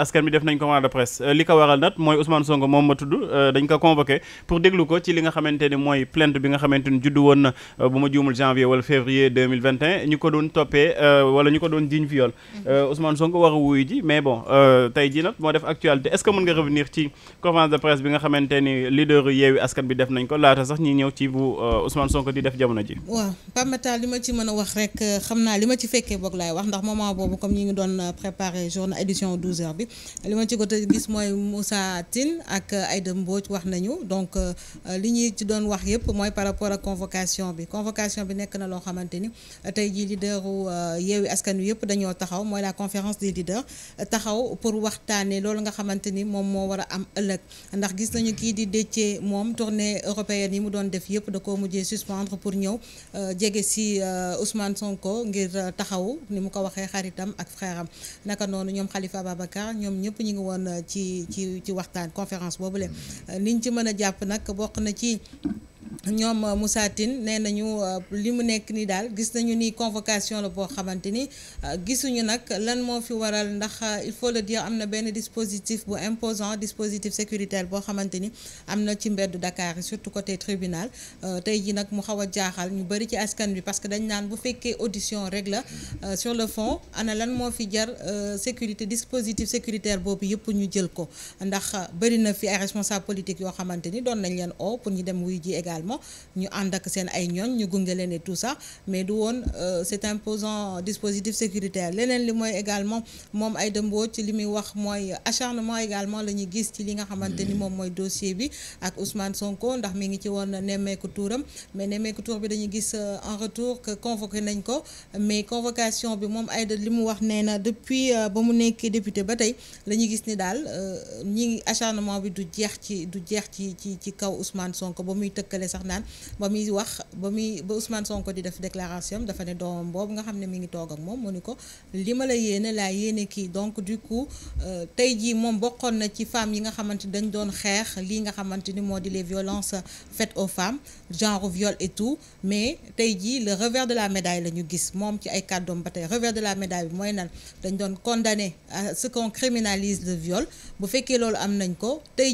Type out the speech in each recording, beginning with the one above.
askan bi def nañ commande de presse euh, li ko waral nag mooy Ousmane Sonko moom ma tudd euh, dañ ko convoqué pour déglu ko ci li nga xamante ni mooy plainte bi nga xamante ni juddu woon na euh, bu ma juumul janvier wala février 2021 ko doon toppee wala ñu ko doon jiñ viol Ousmane Sonko war a wuyu ji mais bon tey ji nag moo def actualité est-ce mën nga revenir ci conférence de presse bi nga xamante ni leader yeewi askan bi def nañ ko laata sax ñi ñëw ci bu Ousmane Sonko li ma ci got a gis mooy Moussa Tine ak Aïda Mbodj wax nañu donc euh, li ñuy ci doon wax yëpp mooy par rapport ak convocation bi convocation bi nekk na loo xamante ni tey jii leaderu euh, Yewwi Askan Wi yëpp dañoo taxaw mooy la conférence di leaders taxaw pour waxtaanee loolu nga xamante ni moom moo war a am ëllëg ndax gis nañu kii di Déthié moom tournée européenne yi mu doon def yëpp da koo mujjee suspendre pour ñëw euh, jege si Ousmane Sonko ngir taxawu ni mu ko waxee xaritam ak naka noonu ñoom Khalifa Babacar ñoom ñëpp ñu ngi woon euh, ci ci ci waxtaan conférence boobu leen mm. euh, liñ ci mën a jàpp nag bokk na ci ñoom euh, Moussa Tine nee nañu euh, li mu nekk ni daal gis nañu ni convocation la boo xamante ni euh, gisuñu nag lan moo fi waral ndax il faut le dire am na benn dispositif bu imposant dispositif sécuritaire boo xamante ni am na ci mbeddu Dakar surtout côté tribunal tey ji nag mu xaw a jaaxal ñu bëri ci askan bi parce que dañ naan bu fekkee audition rek la sur fond ana lan moo fi jar sécurité dispositif sécuritaire boobu yëpp ñu jël ko ndax bëri na fi ay responsable politique yoo xamante ni doon nañ leen o pour ñu dem wuy ji également ñu ànd ak seen ay ñooñ euh, la ñuy gis ci li nga xamante ni moom mooy dossier bi ndax mi ngi ci woon nemmeeku tuuram mais nemmeeku tuur bi dañuy gis euh, en retour que convoqué nañ ko mais convocation bi moom ay li mu wax nee na depuis euh, ba mu nekkee député ba tey la ñuy gis ni daal ñi acharnement bi du jeex ci du jeex ci ci kaw Ousmane Sonko ba muy tëkkale télé sax naan ba muy wax ba muy ba Ousmane Sonko di def déclaration dafa ne doomam boobu nga xam ne mi ngi toog ak moom mu ni ko li ma la yéene laa yéene kii donc du coup euh, tey jii moom bokkoon na ci femmes yi nga xamante dañ doon xeex lii nga xamante ni moo di les violences faites aux femmes genre viol et tout mais tey jii le de la médaille la ñu gis moom ci ay kàddoom ba tey revers de la médaille bi mooy nan dañ doon condamné a ce qu'on criminalise le viol bu fekkee loolu am nañ ko tey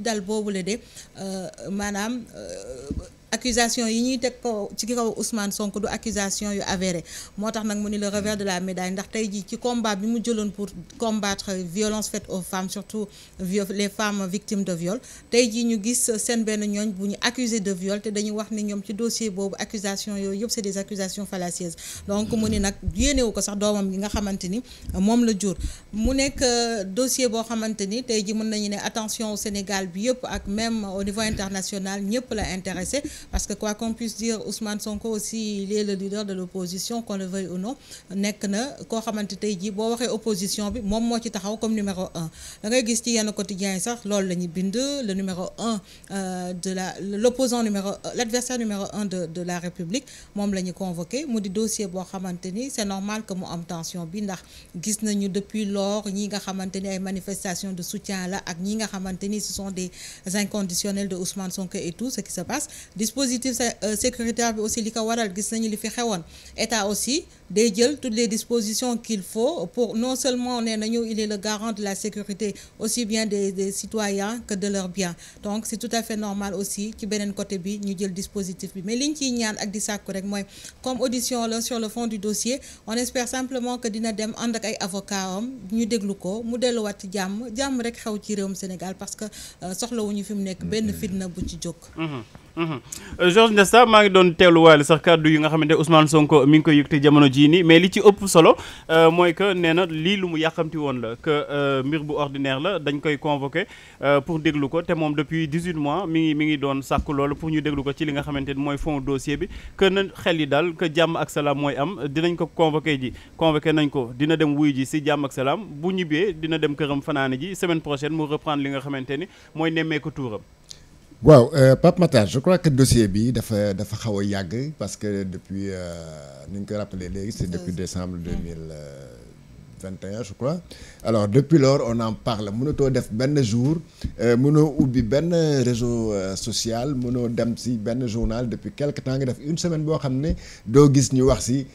dal boobu boobule de euh, maanaam euh, accusation yi ñuy teg ko ci kaw Ousmane Sonko du accusation yu avéré moo tax nag mu ni le revers de la médaille ndax tey jii ci combat bi mu jëloon pour combattre violence faite aux femmes surtout les femmes victimes de viole tey jii ñu gis seen benn ñooñ bu ñu accusé de viol te dañu wax ni ñoom ci dossier boobu accusation yooyu yëpp c'est des accusations fallacieuses donc mu ni nag yéenewu ko sax doomam yi nga xamante ni moom la jur mu nekk euh, dossier boo xamante ni tey ji mën nañu ne attention Sénégal bi yëpp ak même au niveau international ñëpp la intéressé parce que quoi qu'on puisse dire Ousmane Sonko aussi il est leader de l'opposition qu'on ou non nekk na koo xamante tey jii boo waxee opposition bi moom moo ci taxaw comme numéro un da ngay gis ci yenn quotidien yi sax loolu la ñuy bind le numéro un euh, de la l'opposant numéro l'adversaire numéro un de de la République moom la ñu convoqué mu di dossier boo xamante ni c'est normal que mu am tension bi ndax gis nañu depuis lors ñii nga xamante ni ay manifestations de soutien la ak ñi nga xamante ni ce des inconditionnels de Ousmane Sonko et tout ce dispositif euh, sécuritaire bi aussi li ko waral gis nañu li fi xewoon état aussi day jël toutes les dispositions qu'il faut pour non seulement nee nañu il est le garant de la sécurité aussi bien des des citoyens que de leurs biens donc c'est tout à fait normal aussi ci beneen côté bi ñu jël dispositif bi mais liñ ciy ñaan ak di sàkku rek mooy comme audition la sur le fond du dossier on espère simplement que dina dem and ak ay avocat am ñu déglu ko mu delluwaat jàmm jàmm rek xew ci réewum Sénégal parce que euh, soxlawuñu fi mu nekk benn mm-hmm. fitna bu ci jóg mm-hmm. Euh, Georges Nesta maa ngi doon teewluwaale sax kàddu yi nga xamante Ousmane Sonko mi ngi ko koy yëkkati jamono jii nii mais li ci ëpp solo euh, mooy que nee na lii lu mu yàqamti woon la que euh, mbir bu ordinaire la dañ koy convoqué pour déglu ko te moom depuis 18 mois mi ngi mi ngi doon sàkk loolu pour ñu déglu ko ci li nga xamante ni mooy fond dossier bi que xel yi daal que jàmm ak salaam mooy am dinañ ko convoqué ji convoqué nañ ko dina dem wuy ji si jàmm ak bu ñibbee dina dem këram fanaane ji semaine prochaine mu reprendre li nga xamante ni mooy nemmeeku waaw euh, Pape Matar je crois que dossier bi dafa dafa xaw a yàgg parce que depuis euh, nu ñu ko rappelé léegi si depuis décembre mm. deux mille vingt et je crois alors depuis lors on en parle mënatoo def benn jour euh, mënoo ubbi benn réseau social mënoo dem si benn journal depuis quelque temps nga def une semaine boo xam ne doo gis ñu wax si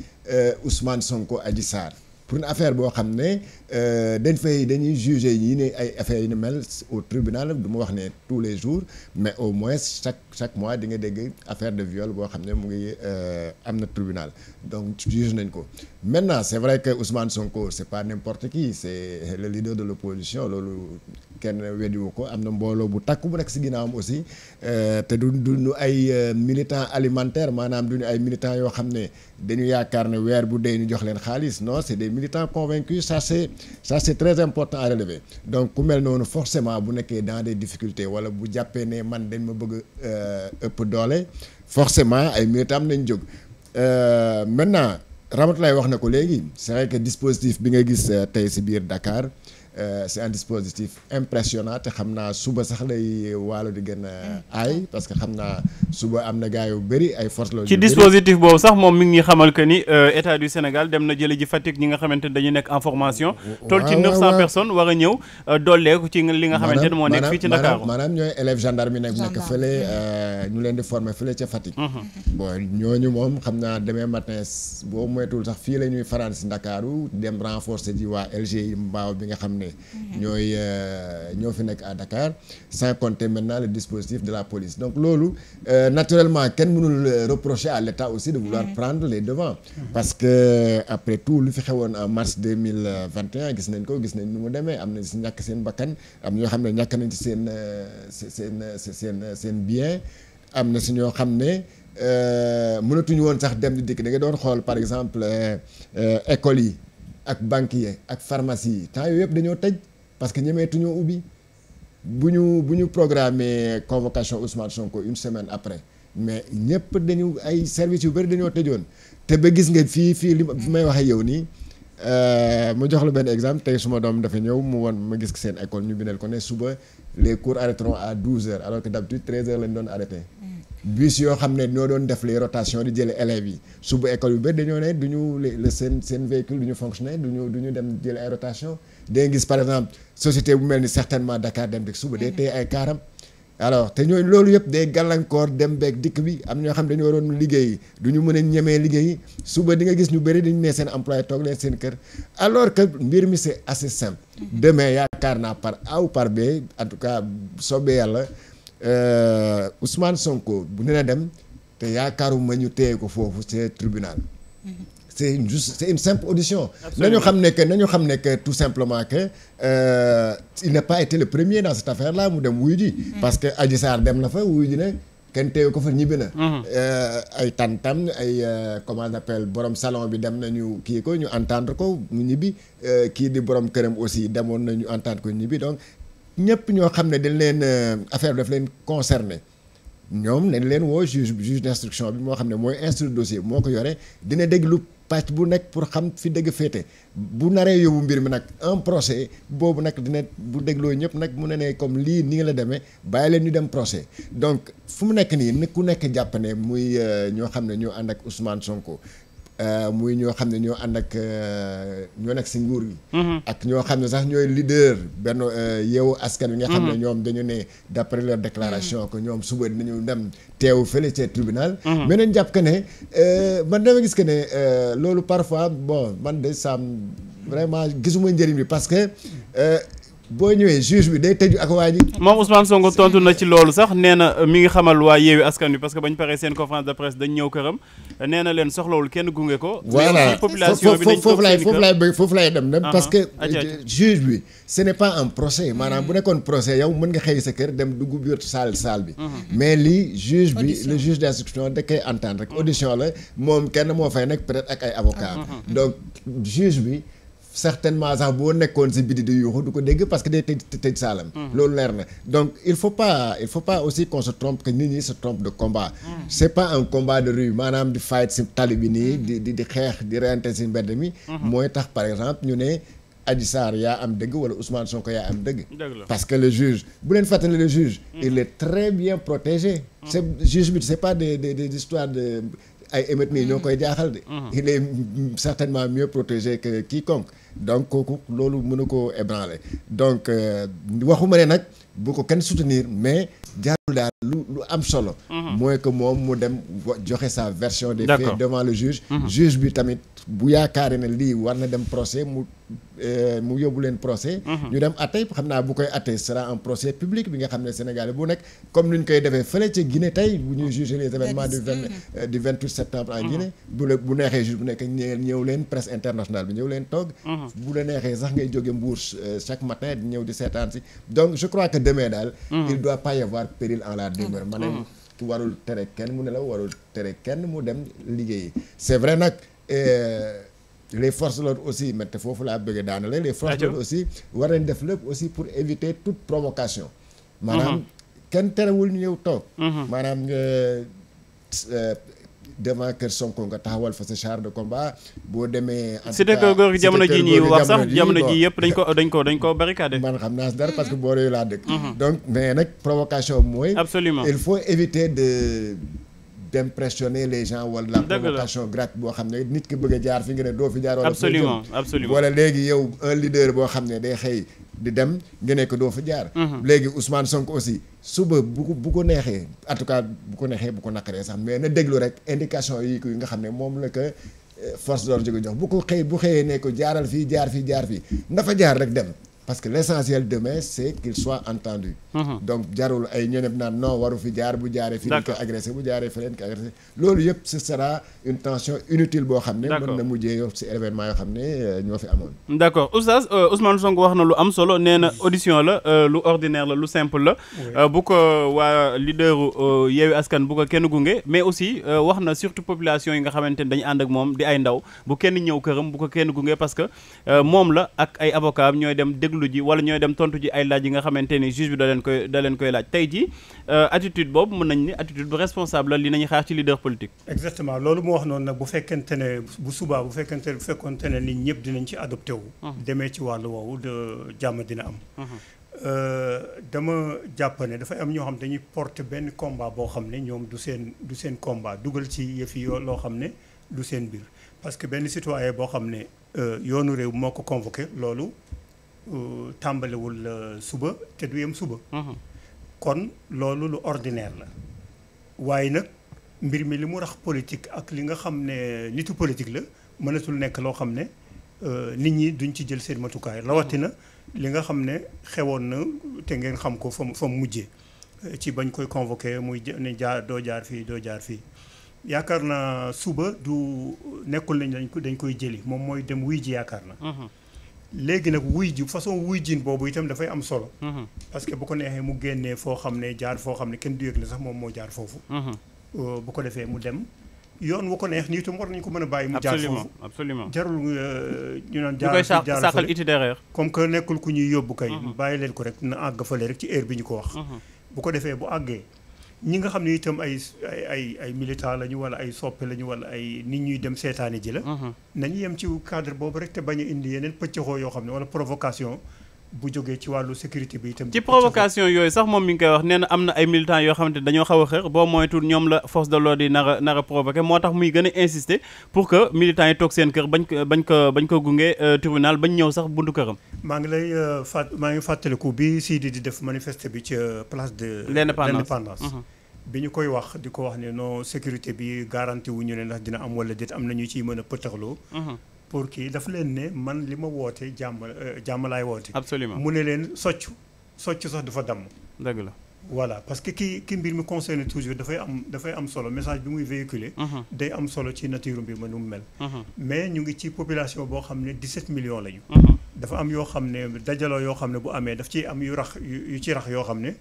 Ousmane Sonko Adji Sarr pour une affaire boo xam ne euh, dañ fay dañuy juger yi ne ay affaires yu ni mel au tribunal du ma wax ne tous les jours mais au moins chaque chaque mois di nga dégg affaire de viol boo xam ne mu ngi euh, am na tribunal donc juge nañ ko maintenant c'est vrai que Ousmane Sonko c'est pas n'importe qui c'est le leader de l'opposition loolu kenn weddiwu ko am na mbooloo bu takk bu nekk si ginnaawam aussi euh, te du du duñu ay euh, militant alimentaire maanaam duñu ay militant yoo xam ne dañu yaakaar ne weer bu dee ñu jox leen xaalis non c'est des militants convaincus ça c'est ça c'est très important à relever donc ku mel noonu forcément bu nekkee dans de difficultés wala bu jàppee ne man dañ ma bëgg euh, ëpp doole forcément ay militant am nañ jóg maintenant lay wax na ko léegi c'est vrai dispositif bi nga gis tey si biir Dakar Euh, c'est un dispositif impressionnant te xam naa suba sax lay waalo di gën a mm. aay parce que xam naa suba am na gars yu bëri ay force la ci dispositif boobu sax moom mi ngi xamal que ni euh, état du Sénégal dem na jële ji Fatick ñi nga xamante ne dañu nekk en formation toll ci 900 personnes war a ñëw euh, dolleeku ci li nga xamante ne moo nekk fii ci Ndakaaru maanaam ñooy élève gendarme yi ñu leen di former fële ca Fatick mhm. bon ñooñu moom xam naa demain matin boo moytuwul sax fii la ñuy faral si Ndakaaru dem renforcer ji ne mhm. ñooy euh, ñoo fi nekk à Dakar sans compter maintenant le dispositif de la police donc loolu euh, naturellement kenn mënul euh, reprocher à l'État aussi de vouloir mhm. prendre les devants mhm. parce que après tout lu fi xewoon en mars 2021 gis nañ ko gis nañ nu mu demee am na si ñàkk seen bakkan am ñoo xam ne ñàkk nañ ci seen seen seen seen bien am na si ñoo xam ne mënatuñu woon sax dem di dikk da doon xool par exemple écoles yi ak banque banquier ak pharmacie yi temps yooyu yëpp dañoo tëj parce que ñemeetuñoo ubbi bu ñu bu ñu programmé convocation Ousmane Sonko une semaine après mais ñëpp dañu ay services yu bëri dañoo tëjoon te ba gis nga fii fii li may waxee yow nii euh, mu jox la benn exemple tey suma doom dafa ñëw mu won ma gis seen école ñu bindal ko ne suba les cours arrêteront à 12 heures alors que d'habitude 13 heures lañ doon arrêté. Mm. bus yoo xam ne ñoo doon def les rotation di jële élèves yi suba école yu bëri dañoo ne du ñu seen seen véhicule du ñu fonctionner du ñu du ñu dem jële ay rotation day gis par exemple société bu mel ni certainement Dakar dem beeg suba day mhm. téye ay kaaram alors te ñooñu loolu yëpp day gàllankoor dem beeg dikk bi am ñoo xam ne dañoo waroon liggéey du ñu mën a ñemee liggéey suba di nga gis ñu bëri dañu ne seen employé toog leen seen kër alors que mbir mi c'est assez simple mhm. demain yaakaar naa par A par B en tout cas soobee yàlla Euh, Ousmane Sonko bu dina dem te yaakaaruma ñu téye ko foofu c'est tribunal. c'est une juste c'est une simple audition. nañu xam ne que nañu xam ne que tout simplement que euh, il ne pas été le premier dans cette affaire là mu dem wuyu ji. Mm-hmm. parce que Adji Sarr dem na fa wuyu ji ne kenn teewu ko fa ñibbi na. Mm-hmm. Euh, ay tantam ay euh, comment on appelle borom salon bi dem nañu kii ko ñu entendre ko mu ñibbi kii di borom këram aussi demoon nañu entendre ko ñibbi donc. ñëpp ñoo xam ne dañ leen euh, affaire daf leen concerné ñoom nañ leen woo juge juge d'instruction bi moo xam ne mooy instruire dossier bi moo ko yore dina déglu pàcc bu nekk pour xam fi dëgg féete bu naree yóbbu mbir mi nag un procès boobu nag dina bu dégloo ñëpp nag mu ne ne comme lii ni nga la demee bàyyi leen ñu dem procès donc fu mu nekk nii ku nekk jàpp ne muy euh, ñoo xam ne ñoo ànd ak Ousmane Sonko Euh, muy ñoo xam ne ñoo ànd ak euh, ñoo nekk si nguur gi. Mm-hmm. ak ñoo xam ne sax ñooy leader benn euh, yeewu askan wi nga xam ne mm-hmm. ñoom dañu ne d' après leur déclaration mm-hmm. que ñoom suba dinañu dem teewu fële ca tribunal. mais nañ jàpp que ne man dama gis que ne loolu parfois bon man de saam vraiment gisuma njëriñ bi parce que. boo ñëwee juge bi day tëju ak waa ji. moom Ousmane Sonko tontu na ci loolu sax nee na mi ngi xamal waa yeewi askan wi parce que bañ paree seen conférence de dañ ñëw këram. nee na leen soxlawul kenn gunge ko. voilà population bi foofu laay foofu laay bëgg foofu laay dem. parce que euh, juge bi ce n'est pas un procès maanaam bu nekkoon procès yow mën nga xëy sa kër dem dugg biir salle salle bi. mais lii juge bi le juge d'instruction da koy entendre rek audition la moom kenn moo fay nekk peut-être ak ay avocats donc juge bi. certainement sax boo nekkoon si biti di yuuxu du ko dégg parce que day tëj tëj saalam mm. loolu leer na donc il faut pas il faut pas aussi qu'on se trompe que nit ñi se trompe de combat mm. c'est pas un combat de rue maanaam di fight si tali bi nii mm. di di di xeex di reyante si mbedd mi mm-hmm. mooy tax par exemple ñu ne Adji Sarr yaa am dëgg wala Ousmane Sonko yaa am dëgg parce que le juge bu leen fàttali le juge mm-hmm. il est très bien protégé c'est juge bi c'est pas des des des histoires de ay émeutes ñoo mm. koy jaaxal de. Mm-hmm. il est certainement mieux protégé que quiconque donc kooku loolu mënu koo ébranler donc euh, waxuma ne nag bu ko kenn soutenir mais jaarul daal lu lu am solo. Mm-hmm. mooy que moom mu dem joxe sa version des faits devant le juge. Mm-hmm. juge bi tamit. bu yaakaar yaakaaree ne lii war na dem procès mu euh, mu yóbbu leen procès. Mhm. ñu dem atte xam naa bu koy atte sera un procès public bi nga xam ne Sénégal bu nekk comme ni ñu koy defee fële ca Guinée tey bu ñuy juger les événements du vingt euh, du vingt huit septembre en mhm. Guinée. bu la bu neexee juge bu nekk ñëw leen presse internationale bi ñëw leen toog. Mhm. bu la neexee sax ngay jóge Mbour euh, chaque matin ñëw di seetaan si donc je crois que demee daal. il doit pas y avoir péril en la demeure. ma ne warul kenn mu ne la warul tere kenn mu dem liggéeyi c'est vrai nag. et euh, les forces de l'ordre aussi mais te foofu laa bëgg daana la les forces de aussi war nañ def lépp aussi pour éviter toute provocation maanaam mhm. kenn terewul ñu ñëw toog mhm. maanaam euh, devant kër Sonko nga taxawal fa sa char de combat boo demee. en tout cas cité jamono ji ñuy wax sax jamono ji yëpp dañ ko dañ ko dañ ko barricadé. man xam naa si dara parce que boo yooyu laa dëkk. Mhm. donc mais nag provocation mooy. il faut éviter de. d'impressionner les gens wala la provocation gratuite boo xam ne nit ki bëgg a jaar fi nga ne doo fi jaar wala absolument absolument wala léegi yow un leader boo xam ne day xëy di dem nga nekk doo fa jaar mhm. léegi Ousmane Sonko aussi suba bu ko bu ko neexee en tout cas bu ko neexee bu ko naqaree sax mais na déglu rek indication yi yi nga xam ne moom la ko euh, force d'ordre jóge jox bu ko xëy bu xëyee ne ko jaaral fii jaar fii jaar fii na fa jaar rek dem parce que l' essentiel demain c' est qu'il soit entendu mhm. donc jarul ay ñeneen naan non waru fi jaar bu jaaree fi ko agressé bu jaaree feneen ko agressé loolu yëpp ce sera une tension inutile boo xam ne mën na mujjee yow si événement yoo xam ne euh, ñoo fi amoon d' accord oustaz euh, Ousmane wax na lu am solo nee na audition la euh, lu ordinaire la lu simple la bu ko waa leader yeewi askan bu ko kenn gunge mais aussi wax na surtout population yi nga xamante ni dañu ànd ak moom di ay ndaw bu kenn ñëw këram bu kenn parce que moom la ak déglu ji wala ñooy dem tontu ji ay laaj yi nga xamante ni juge bi da koy da leen koy laaj tey ji euh, attitude boobu mën nañ ni attitude bu responsable li nañu xaar ci leader politique exactement loolu moo wax noonu nag bu fekkente ne bu subaa bu fekkente ne bu fekkonte dinañ ci adopté demee ci wàllu woowu jàmm dina am euh, dama jàpp dafay am ñoo xam dañuy porte benn combat boo xam ne ñoom du seen du seen combat dugal ci yëf yi yoo loo xam ne du seen biir parce que benn citoyen boo xam ne euh, yoonu réew moo ko convoqué loolu Euh, tàmbalewul euh, suba te du yem suba. Mhm. kon loolu lu ordinaire la. waaye nag mbir mi li mu rax politique ak li nga xam ne nitu politique la mënatul nekk loo xam ne euh, nit ñi duñ ci jël seen matukaay mhm. na li nga xam ne xewoon na te ngeen xam ko fa mu fa mu mujjee ci bañ koy convoqué muy ne jaar doo jaar fii doo jaar fii. yaakaar naa suba du nekkul nañ dañ ko dañ koy jëli moom mooy dem wuy ji yaakaar na mhm. léegi nag wuy ji façon wuy jiin boobu itam dafay am solo. Mm-hmm. parce que bu ko neexee mu génnee foo xam ne jaar foo xam ne kenn du yëg na sax moom moo jaar foofu. Mm-hmm. Euh, bu ko defee mu dem. yoon wu ko neex nii itam war nañu ko mën a bàyyi mu jaar foofu absolument jarul euh, ñu naan jaar jaar saaxal itinéraire comme que nekkul ko ñuy yóbbu kay mm-hmm. bàyyi leen ko rek na àgg fale rek ci heure bi ñu ko wax bu ko defee bu àggee ñi nga xam ne itam ay ay ay militant lañu wala ay soppe lañu wala ay nit ñuy dem seetaane ji la. Mm-hmm. nañu yem ci cadre boobu rek te bañ a indi yeneen pëccëxoo yoo xam ne wala provocation. bu jógee ci wàllu sécurité bi itam. ci provocation yooyu sax moom mi ngi koy wax nee na am na ay militants yoo xamante ne dañoo xaw a xër boo moytuwul ñoom la force de l'ordre yi nar a nar moo tax muy gën a insister pour que militants yi toog seen kër bañ ko bañ ko bañ ko gunge euh, tribunal bañ ñëw sax buntu këram. maa ngi lay euh, fàtt maa ngi fàttaliku bi Sidi di def manifeste bi ca place de. l'indépendance mm-hmm. bi ñu koy wax di ko wax ne non sécurité bi garanti wu ñu ne ndax dina am wala déet am na ñu ci mën a pëtëxloo. Mhm. pour kii daf leen ne man li ma woote jàmm euh, jàmm laay woote. absolument mu ne leen soccu soccu sax dafa damm. dëgg la. voilà parce que ki ki mbir mi concerne toujours dafay am dafay am solo message bi muy véhiculer mhm. day am solo ci nature mbir ma nu mu mel mhm. mais ñu ngi ci population boo xam ne 17 millions lañu dafa am yoo xam ne dajaloo yoo xam ne bu amee daf ciy am yu rax yu ci rax yoo xam ne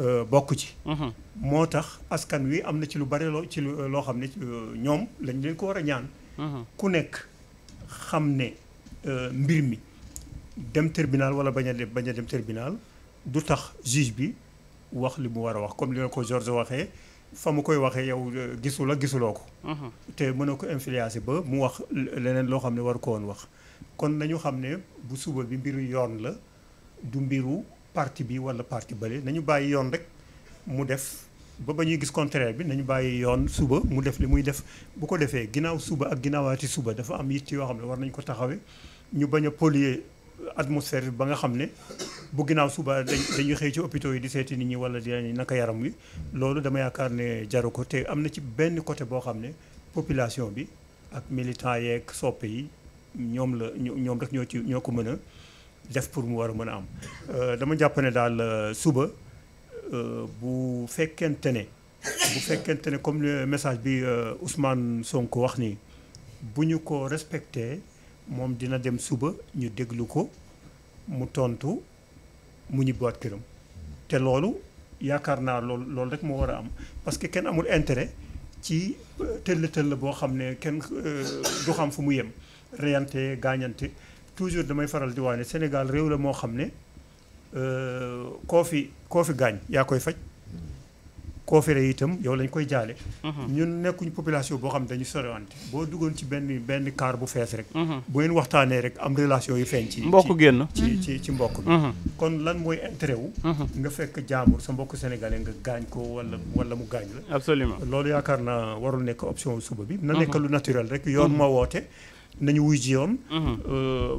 Euh, bokk ci. Mhm. moo tax askan wi am na ci lu bari loo ci euh, loo xam ne euh, ñoom lañ leen ko war a ñaan. Mhm. ku nekk xam ne mbir mi dem tribunal wala bañ a dem bañ a dem tribunal du tax juge bi wax li mu war a wax comme li nga ko Georges waxee fa mu koy waxee yow gisu la gisuloo ko. Mhm. te mën na ko influencer ba mu wax leneen loo xam ne war ko wax kon nañu xam ne bu suba bi mbiru yoon la du mbiru. parti bi wala parti bële nañu bàyyi yoon rek mu def ba ba ñuy gis contraire bi nañu bàyyi yoon suba mu def li muy def bu ko defee ginnaaw suba ak ginnaawaati suba dafa am yitt yoo xam ne war nañ ko taxawee ñu bañ a polluer atmosphère bi ba nga xam ne bu ginnaaw suba dañuy xëy ci hôpitaux yi di seeti nit ñi wala di naka yaram wi loolu dama yaakaar ne jaru ko te am na ci benn côté boo xam ne population bi ak militants yeeg sopp yi ñoom la ñoom rek ñoo ci ñoo ko mën a def pour mu war a mën a am euh, dama jàpp ne daal euh, suba euh, bu fekkente ne bu fekkente ne comme message bi Ousmane ko wax nii bu ñu ko respecté moom dina dem suba ñu déglu ko mu tontu mu ñibbiwaat këram te loolu yaakaar naa lool loolu rek moo war a am parce que kenn amul intérêt ci tëll tëll boo xam ne kenn du xam fu mu yem reyante gaañante toujours damay faral di waane Sénégal réew la moo xam ne euh, koo fi koo gaañ yaa koy faj koo fi rey itam yow lañ koy jaale. Mhm. ñun nekkuñ population boo xam ne dañu sorewante boo duggoon ci benn benn kaar bu fees rek. Mhm. bu ngeen waxtaanee rek am relation yu feeñ. ci mbokk génn ci ci ci mbokk bi. Mhm. kon lan mooy intérêt wu. nga fekk jaambur sa mbokk sénégalais nga gaañ ko wala wala mu gaañ la. absolument loolu yaakaar naa warul nekk option suba bi. na nekk lu naturel rek yoon ma woote. nañu wuy ji yoon mhm. euh,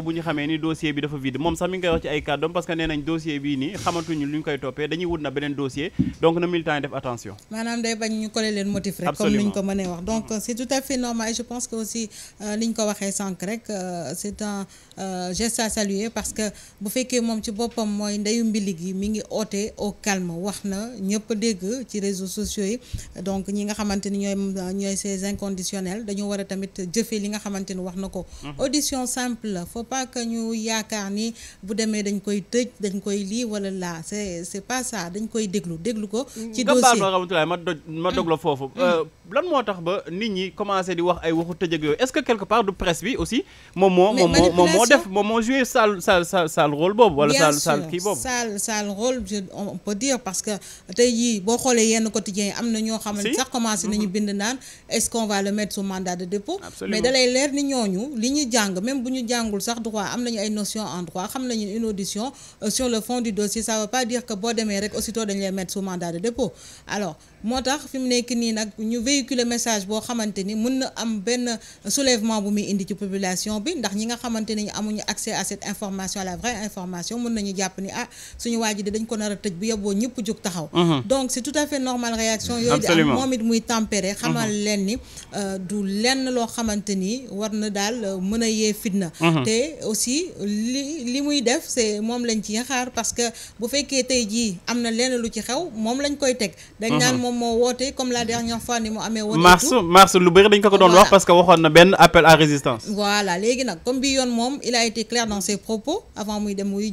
gaaw bu ñu xamee ni dossier bi dafa vide moom sax mi ngi wax ci ay kàddoom parce que nee nañ bii nii xamatuñu lu ñu koy toppee dañuy wut na beneen dossier donc na militant yi def attention maanaam day bañ ñu coller leen motif rek comme ni ñu ko mënee wax donc c'est tout à fait normal et je pense que aussi li euh, ñu ko waxee sànq rek euh, c'est un euh, geste à saluer parce que bu fekkee moom ci boppam mooy ndeyu mbili gi mi ngi oote au calme wax na ñëpp dégg ci réseaux sociaux yi donc ñi nga xamante ni ñooy ñooy ces inconditionnels dañoo war a tamit jëfee li nga xamante ni wax na ko mm-hmm. pas que ñu yaakaar ni bu demee dañ koy tëj dañ koy lii wala laa c'est pas ça dañ koy déglu déglu ko ci dossier ma xamantulaay ma doj ma dog la foofu mm. euh, lan moo tax ba nit ñi commencé di wax ay waxu tëj ak yooyu ce que quelque part du aussi moom moo moom moo moo def moom moo joué sal sal sal sal rôle boobu wala sal sal kii boobu que tey jii boo xoolee yenn quotidiens yi am na ñoo xam ne sax commencé mm-hmm. nañu bind naan est-ce qu'on va le mettre sous mandat de dépôt mais dalay leer ni ñooñu li ñu jàng même bu ñu jàngul sax sax droit am nañu ay notion en droit xam nañu une audition euh, sur le fond du dossier ça veut pas dire que boo demee rek aussitôt dañu lay mettre sous mandat de dépôt moo tax fi mu nekk nii nag ñu véhiculer message boo xamante ni mun na am benn soulevement bu muy indi ci population bi ndax ñi nga xamante ni amuñu accès à cette information la vraie information mën nañu jàpp ni ah suñu waa ji de dañ ko nar a tëj bu yeboo ñëpp jóg taxaw mhm. donc c'est tout à fait normal réaction yooyu di am moom it muy mhm. leen ni euh, du lenn loo xamante ni war na daal euh, mën a yee fitna mhm. te aussi li li muy def c'est moom lañ ci xaar parce que bu fekkee tey jii am na lenn lu ci xew moom lañ koy teg moom moo woote comme la dernière fois ni mu amee woote mars mars lu bëri dañ ko ko doon wax parce que waxoon na benn appel à résistance voilà léegi nag comme bi yoon moom il a été clair dans ses propos avant muy dem wuy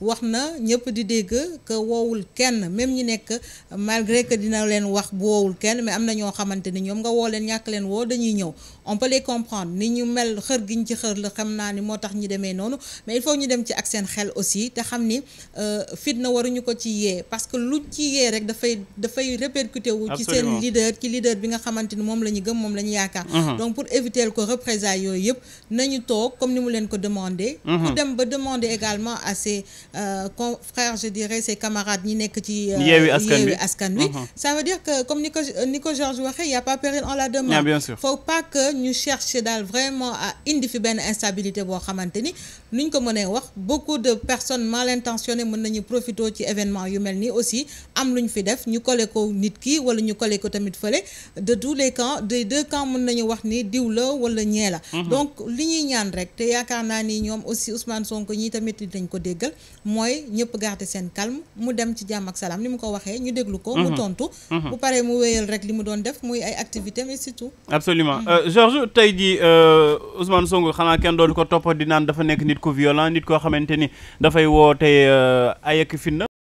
wax na ñëpp di dégg que woowul kenn même ñi nekk malgré que dina leen wax bu woowul kenn mais am na ñoo xamante ni ñoom nga woo leen ñàkk leen woo dañuy ñëw on peut les comprendre ni ñu mel xër giñ ci xër la xam naa ni moo tax ñu demee noonu mais il faut ñu dem ci ak seen xel aussi te xam ni euh, fitna waruñu ko ci yee parce que lu ci yee rek dafay dafay répercuté wu ci seen leader ci leader bi nga xamante ni moom la ñu gëm moom la ñu yaakaar uh-huh. donc pour éviter ko représailles yooyu yëpp nañu toog comme ni mu leen ko demandé uh-huh. Euh, confrères je dirais ses camarades ñi nekk ci. Euh, yeewi askan wi uh-huh. ça veut dire que comme ni ko ni ko Georges waxee pas péril en la demeure. bien sûr pas que ñu cherche daal vraiment à indi fi benn instabilité boo xamante ni nuñ ko mënee wax beaucoup de personnes mal intentionnées mën nañu profité ci événement yu mel ni aussi am luñ fi def ñu collé ko nit ki wala ñu collé ko tamit fële de tous les camps des deux camps mën nañu wax ni diw la wala ñee la. Uh-huh. donc li ñuy ñaan rek te yaakaar naa ni ñoom aussi Ousmane Sonko ñi dañ ko déggal. mooy ñëpp garder seen calme mu dem ci jàmm ak salaam ni mu ko waxee ñu déglu ko mu mhm. tontu mhm. bu paree mu wéyal rek li mu doon def muy ay activité mais surtout absolument mhm. euh, Georges tey jii euh, Ousmane Sonko xanaa kenn doon ko toppa di naan dafa nekk nit ku violent nit koo xamante ni dafay woote euh, ay ak finna